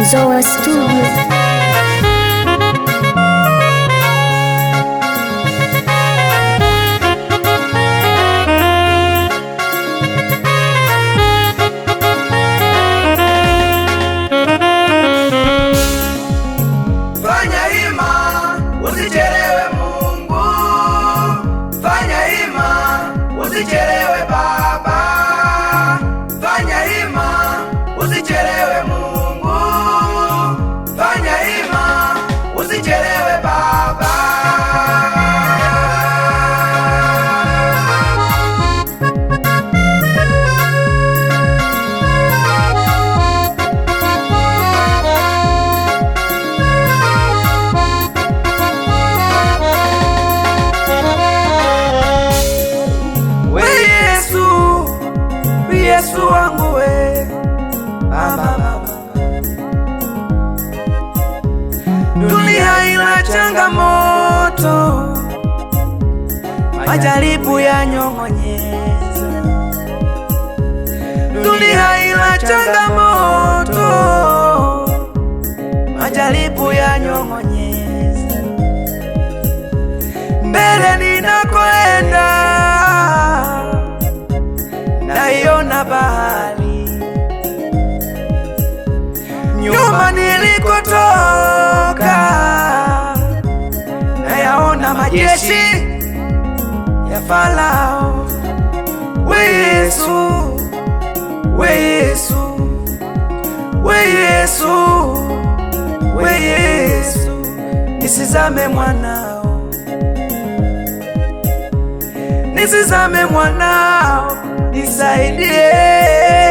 Zoa Studio. Fanya hima, usichelewe Baba. Fanya hima, usichelewe Mungu. majaribu yanyong'onyeza, dunia ina changamoto, majaribu yanyong'onyeza, mbele ninakoenda naiona bahari, nyuma nilikotoka nayaona majeshi taifa lao. We Yesu, we Yesu, we Yesu, we Yesu, nisizame mwanao, nisizame mwanao, nisaidie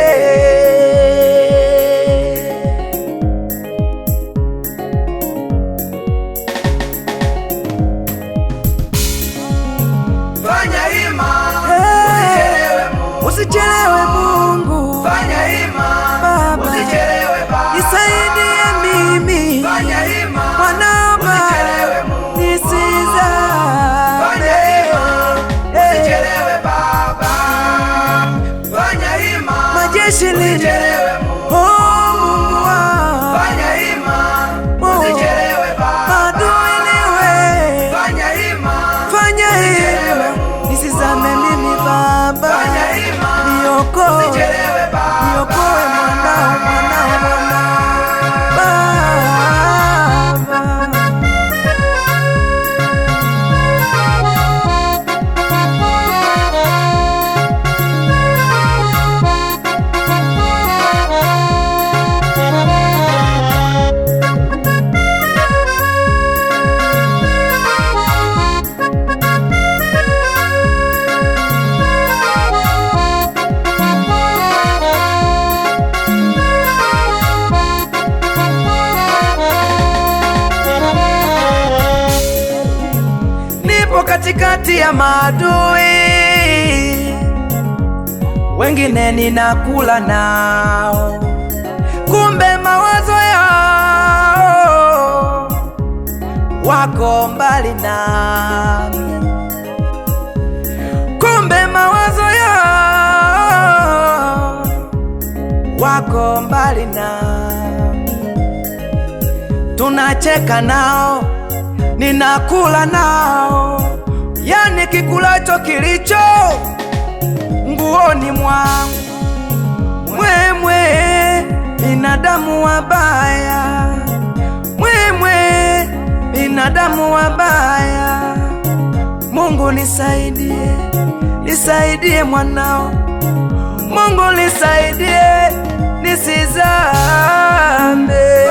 katikati ya maadui, wengine ninakula nao, kumbe mawazo yao wako mbali nami, kumbe mawazo yao wako mbali nami, tunacheka nao, ninakula nao yani kikulacho kilicho nguoni mwangu. Mwemwe binadamu wabaya, mwemwe binadamu wabaya. Mungu nisaidie, nisaidie mwanao, Mungu nisaidie nisizambe.